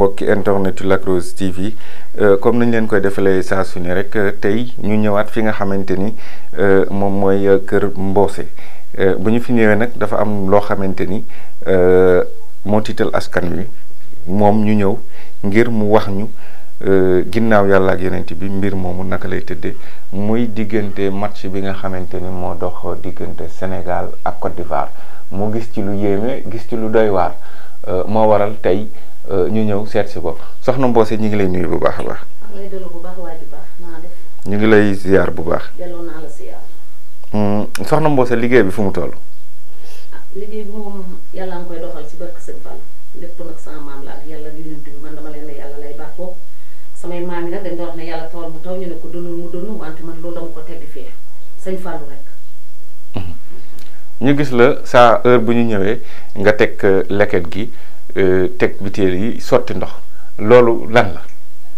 mbokki internet Lac Rose TV euh, comme nañ leen koy defalee saa su rek euh, tey ñu ñëwaat fi nga xamante ni euh, moom mooy kër mboose bu ñu fi ñëwee nag dafa am loo xamante ni moo tiital askan wi moom ñu ñëw ngir mu wax ñu ginnaaw yàlla ak yonent bi mbir moomu naka lay tëdde muy diggante match bi nga xamante ni moo dox diggante Sénégal ak Côte d'Ivoire mu gis ci lu yéeme gis ci lu doy waar moo waral tey. ñu ñëw seet si ko soxna Mbossé ñu ngi lay nuyu bu baax a baax. ñu ngi lay ziar bu baax. Hmm, soxna Mbossé liggéey bi fu mu toll. Ah, liggéey bi moom yàlla nga koy doxal ci barke Sëñ Fall lépp nag sama maam la ak yàlla yonent bi man dama leen ne yàlla lay baax ko samay maam yi nag dañ doon wax ne yàlla tawal mu taw ñu ne ko donul mu donu wante man loolu dama ko tegg fee Sëñ fall rek. Hmm. ñu gis la saa heure bu ñu ñëwee nga teg euh, leket gi. Euh, teg butéel yi sotti ndox loolu lan la.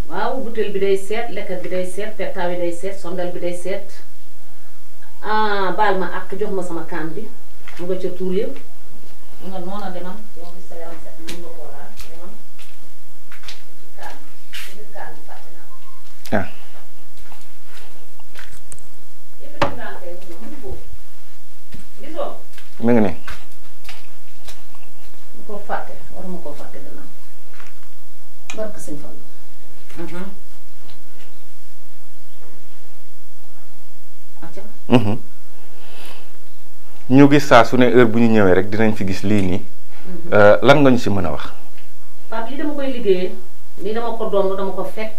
waaw butéel bi day seet lekkat bi day seet pettaaw yi day seet sondal bi day seet ah baal ma ak jox ma sama kaan bi mu nga ca tuur yëpp nga nga koo ah. ngi fàtte waruma mhm. Mhm. ñu gis saa su ne heure bu ñu ñëwee rek dinañ fi gis lii nii. Mhm. Euh, lan nga ñu si mën a wax. Pape li dama koy liggéeyee lii dama ko doon dama ko fekk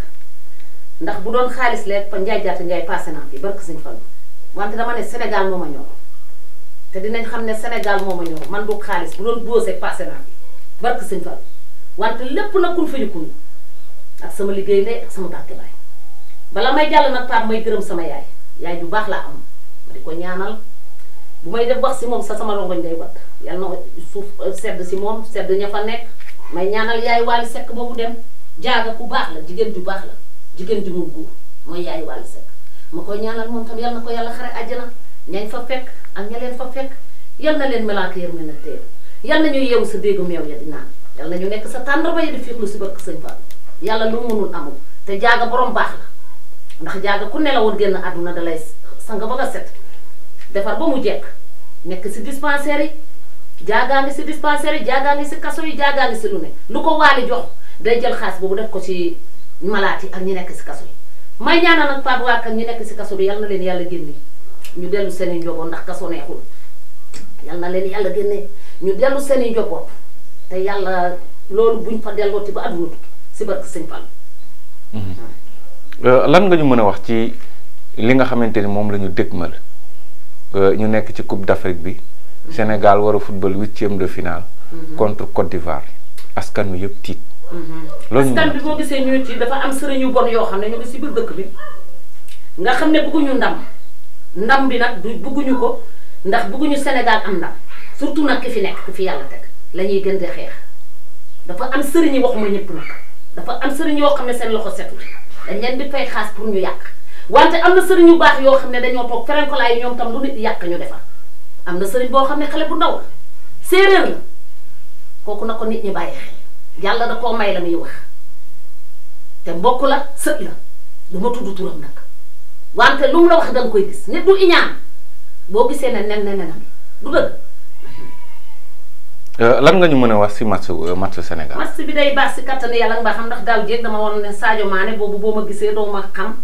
ndax bu doon xaalis leeg fa njaay jaata njaay passé naa fi barke sëñ Fall wante dama ne Sénégal moo ma ñor te dinañ xam ne Sénégal moo ma ñor man du xaalis bu doon boose passé naa fi. barke sëñ Fall wante lépp nag kun ak sama liggey ne ak sama barke bay bala may jall nak paam may gërem sama yaay yaay bu bax la am ma diko ñaanal bu may def wax ci mom sa sama rongoñ day wat yalla no suuf euh, sedd ci mom sedd ña fa nek may ñaanal yaay waali sekk boobu dem jaaga ku bax la jigen ju bax la jigen ju moy yaay wal sek ma koy ñaanal mom tam yal nako yalla xare aljana ñañ fa fek ak ñaleen fa fek yalla na leen melaka yermena teel yal nañu yeewu sa déggu meew ya di naan yal ñu nekk sa tàndarma ya di féexlu si barke yàlla lu mënul amul te jaaga borom baax la ndax jaaga ku nelawoon génn àdduna da lay sanga set defar ba mu jekk nekk si dispensaire yi jaagaa ngi si dispensaire yi jaagaa si kaso yi jaagaa ngi lu ko waali jox day jël xaalis boobu def ko ci malaat yi ak ñi nekk si kaso yi may ñaanal nag Fatou Wade ak ñi nekk si kaso bi yal na leen yàlla génne ñu dellu seen i ndax kaso neexul yal na leen yàlla génne ñu delu seeni njaboot te yalla lolu buñ fa ci ba àdduna ci barke seigne Fall. euh lan nga ñu mëna wax ci li nga xamanteni mom lañu dekkmal euh ñu nekk ci coupe d'Afrique bi. Mhm. Sénégal war football 8e de finale. Mhm. contre Côte d'Ivoire askan wi yëpp tit mhm. loolu askan bi mo gisee ñu ci dafa am sëriñ yu bon yo xam ñu ci bir biir dëkk bi nga xam bëggu ñu ndam ndam bi nak bëggu ñu ko ndax bëggu ñu Sénégal am ndam. surtout nak fi nek fi yàlla tek lañuy gën di xex dafa am serigne wax ma ñëpp nak dafa am serigne yo xamne ne seen loxo setul dañ leen di fay xass pour ñu yak wante amna serigne yu bax yo xamne dañu tok toog ferenkolaay yi ñoom tam lu nit yak ñu defal amna serigne bo xamne xale bu ndaw sereer koku la ko nit ñi baye xel yàlla da ko may la muy wax te mbokku la seut la duma tuddu turam nak wante lu mu la wax dang koy gis nit du iñaan boo gisee ne nen nenenam du deug Eh, lan nga ñu mëna wax si match eh, match Sénégal match bi day bass katane yalla nga xam ndax daaw jéeg dama won ne Sadio Mané bobu boma gisé do ma xam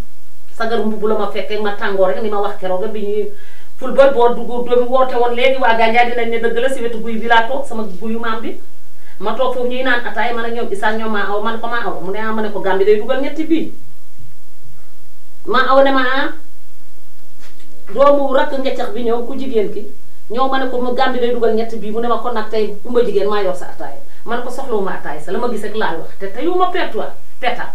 sagar mbubb la ma fekkee ma tàngoor rek ni ma wax ga bi ñuy football boo dugg doomi woote woon léegi waa Gandia dina ne dëgg la ci wetu guy bi tok sama guyu mam bi ma tok fofu ñuy naan atay man ak ñoom Issa ñoom aw man ko ma aw mu ne ah ko gambi day duggal ñetti bi ma aw ne ma ngeccax ah, bi ñëw ku jigéen ki ñoo ma ne ko mu gàmbi day dugal ñett bii mu ne ma kon nag tey kumba jigéen maa yor sa attaaya ma ne ko soxlawuma attaaya sa la ma gis ak laay wax te te yu ma pertuwaat pertaat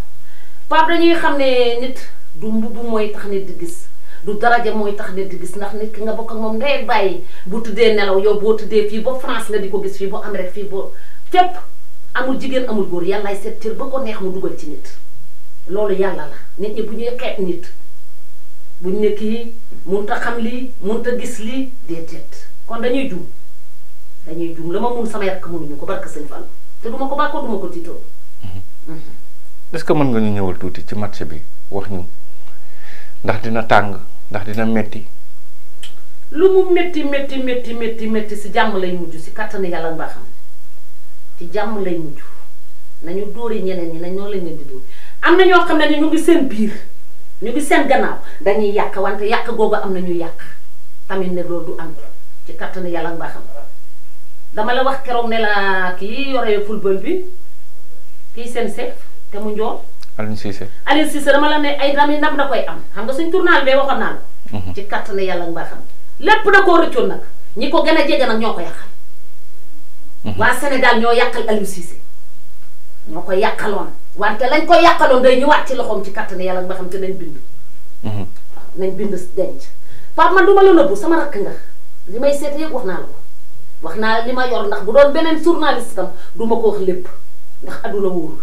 Pape dañuy xam ne nit du mbubb mooy tax nit di gis du daraja mooy tax nit di gis ndax nit ki nga bokk ak moom ndey bàyyi bu tuddee nelaw yow boo tuddee fii boo France nga di ko gis fii boo ba Amérique fii boo fépp amul jigéen amul góor yàllaay seet cër ba ko neex mu dugal ci nit loolu yàlla la nit ñi buñ ne kii munta xam lii munta gis li déedéet kon dañuy juum dañuy juum lama mun sama mu ñu ko barke señ Fall te duma ko bako duma ko tiitoo mhm. Mhm. est-ce que man nga ñu ñëwal tuti ci match bi wax ñu ndax dina tang ndax dina metti lu mu metti metti metti metti metti si jamm lay ci si yalla nga xam ci jamm lay muju nañu doori ñeneen ñi nañu lañu di am na ñoo xam na ñu ngi seen biir ñu ngi seen gannaaw dañuy yàq wante yàq googu am na ñuy yàq tamit ne loolu du am ci kattanu yàlla nga xam dama la wax keroog ne la kii yore football bi kii seen seef te mu njool. Aliou Cissé Aliou Cissé dama la ne ay ndam yi na da koy am xam nga suñ tournal bee waxoon naa la. Mhm. ci kattanu yàlla nga xam lépp da koo rëccoon nag ñi ko gën a jege nag ñoo ko yàqal. Mhm. waa Sénégal ñoo yàqal Aliou Cissé. ñoo ko yàqaloon wante lañ ko yàqaloon day ñëwaat ci loxoom ci kattan yàlla nga xam te nañ bind. Mhm. waaw nañ bind denc. Pape man du ma la sama rakk nga li may seet yëpp wax naa la ko wax naa la li ma yor ndax bu doon beneen journaliste tam du ma ko wax lépp ndax aduna wóorul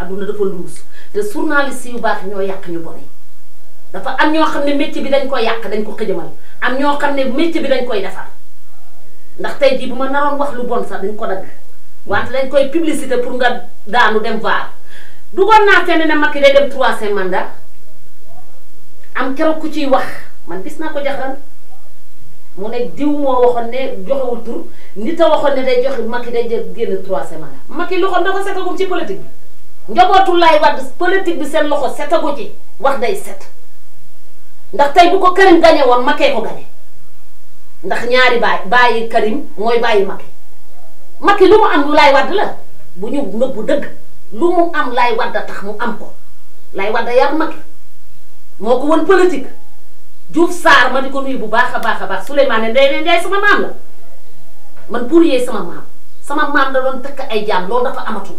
aduna dafa luus te journaliste yu baax ñoo yàq ñu bone dafa am ñoo xam ne métier bi dañ ko yàq dañ ko xëjëmal am ñoo xam ne métier bi dañ koy defar ndax tey jii bu ma naroon wax lu bon sax dañ ko dagg. wante lañ koy publicité pour nga daanu dem vaar dugoon naa fenn ne Macky day dem troisième mandat am keroog ku ciy wax man gis naa ko jaxan mu ne diw moo waxoon ne joxewul tur nit a waxoon ne day joxe Macky day génn troisième mandat ki loxo da ko setagum ci politique bi njabootu laay wadd politique bi seen loxo setagu ci wax day set ndax tey bu ko Karim gañe woon Macky ko gañe ndax ñaari baay bàyyi Karim mooy bàyyi Macky Maki lu mu am lu lay wad la bu ñu nëbbu deug lu mu am Laay Wàdd tax mu am ko Laay Wàdd yar Macky moko won politique djouf sar ma diko bu baakha baakha baax Souleymane ndey ndey sama mam la man pour yee sama mam sama mam da don takk ay jaam lo dafa amatu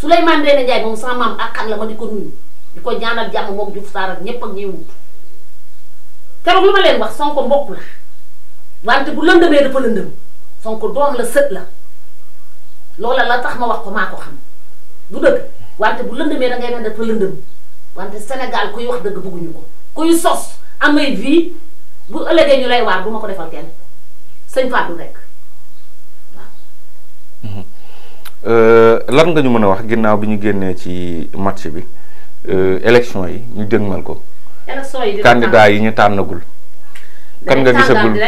Souleymane ndey ndey mom sama mam ak la ma di ko nuyu di ñaanal jàmm mom djouf sar ak ñepp ak ñewu wut keroog lu ma leen wax Sonko mbokk la wante bu dafa Sonko dom la seut la. loola la tax ma wax ko maa ko xam du dëgg wante bu lëndëmee da ngay mel ne dafa lëndëm wante Sénégal kuy wax dëgg bëgguñu ko kuy sos amay vie bu ëllëgee ñu lay waar bu ma ko defal kenn sëñ Fatou rek euh, lan nga ñu mën a wax ginnaaw bi ñu génnee ci match bi euh, élection yi ñu dëgmal ko. élection yi candidat yi ñu tànnagul. kan nga gisagul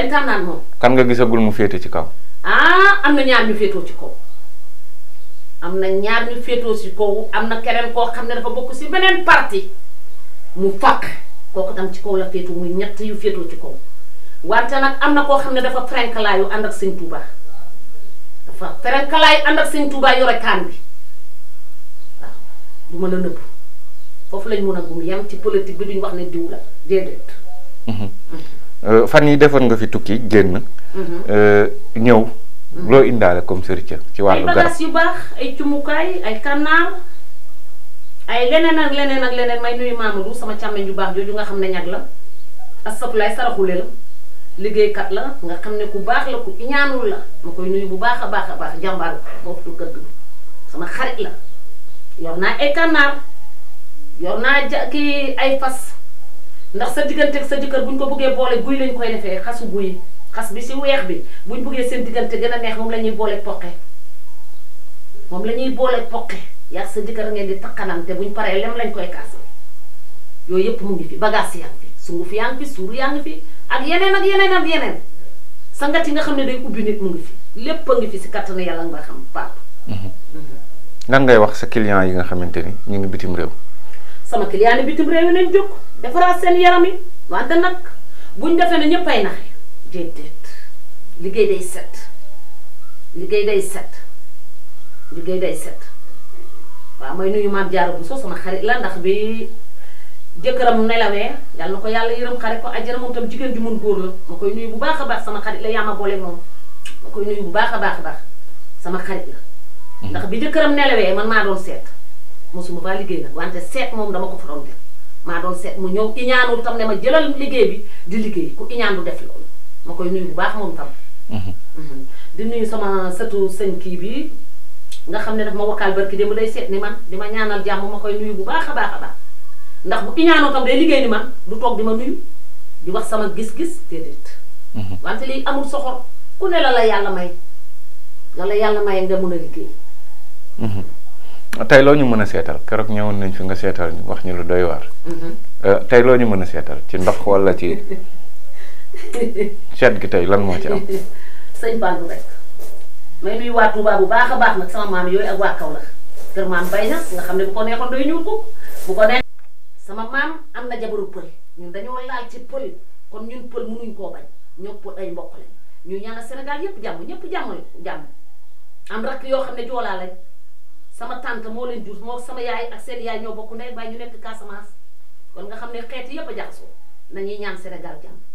kan nga mu féete ci kaw. Ah, am na ñaar ñu féetoo ci kaw. am na ñaar ñu féetoo si kaw am na keneen koo xam ne dafa bokk si beneen parti mu fàq kooku tam ci kow la féetoo muy ñett yu féetoo ci kaw wante nag am na koo xam ne dafa frenkalaayu ànd ak sëñ Touba dafa frenkalaayu ànd ak sëñ Touba yore kaan bi waaw du mën a nëbb foofu lañ mën a gum yam ci politique bi duñ wax ne diw la déedéet. Mhm. Mhm. Euh, fan yi defoon nga fi tukki génn. Mhm. Euh, ñëw. lo indale comme serigne ci walu gar ay bagages yu ay cumukaay ay kànnaar ay ak lenen ak lenen may nuyu dou sama càmmeñ ju bax joju nga xam ñag la asapulaay saraxule la kat la nga xam ku bax la ku ñaanul la makoy nuyu bu baxa baxa bax jambar baax jàmbaar sama xarit la yorna ay kanar yorna ja ay fas ndax sa digganteeg sa jëkër buñ ko bëggé bolé guuy lañ koy défé xasu guuy xas bi si weex bi buñ buggee seen diggante gën a neex moom la ñuy booleeg poqe moom la ñuy booleeg poqe yaa sa jëkkër ngeen di takkanante buñ paree lem lañ koy kaas yooyu yëpp mu ngi fi bagage yaa ngi fi sunguf yaa ngi fi ak yeneen ak yeneen ak yeneen sangat yi nga xam ne day ubbi nit mu ngi fi lépp a ngi fi si kattanu yàlla nga xam paap. Mm-hmm. lan ngay wax sa client yi nga xamante ni ñu ngi bitim réew. sama client yi bitim réew yi nañ jóg defaraat seen yaram yi wante nag buñ defee ne ñëppay naxe déedéet liggéey day set liggéey day set liggéey day set waaw mooy nuyu maam bu Buso sama xarit la ndax bi jëkkëram nelawee yàlla na ko yàlla yërëm xarit ko àjjana moom tam jigéen ju mun góor la ma koy nuyu bu baax a baax sama xarit la yaa ma boole moom koy nuyu bu baax a baax a baax sama xarit mhm. ndax bi jëkkëram nelawee man maa doon seet mosuma faa liggéey nag wante seet moom dama ko fa doon def maa doon seet mu ñëw iñaanul tam ne ma jëlal liggéey bi di liggéey ku iñaan du def loolu Makoy nuyu bu baax mom tam. di nuyu sama setu señ ki bi nga xamne ne ma wakal barki dem lay set ni man di ñaanal jamm ma koy nuyu bu bah mhm. mhm. baaxa baax ndax bu iñaanoo tam day liggey ni man du tok di ma nuyu di wax sama gis-gis dedet mhm. wante li amul soxor ku ne la la yalla may la la yalla may nga mëna liggey tay tey loo ñu mën a seetal keroog nañ fi nga sétal ñu wax ñu lu doy euh, ñu mëna sétal ci ndox wala ci. seet gi tey lan moo ci am. sëñ Fallou rek may nuyu waa Touba bu baax a baax nag sama maam yooyu ak waa Kaolack kër maam bay na nga xam ne bu ko neexoon doy ko bu ko sama maam am na jabaru pël ñun dañoo laal ci pël kon ñun pël mënuñ koo bañ ñoo ay mbokk ñu ñaanal Sénégal yëpp ñëpp jàmm jàmm am rakk yoo xam ne joolaa lañ sama tante moo leen jur moo sama yaay ak seen yaay ñoo bokk ndey baay ñu kon nga xam ne xeet yëpp a jaxasoo nañuy ñaan Sénégal jàmm.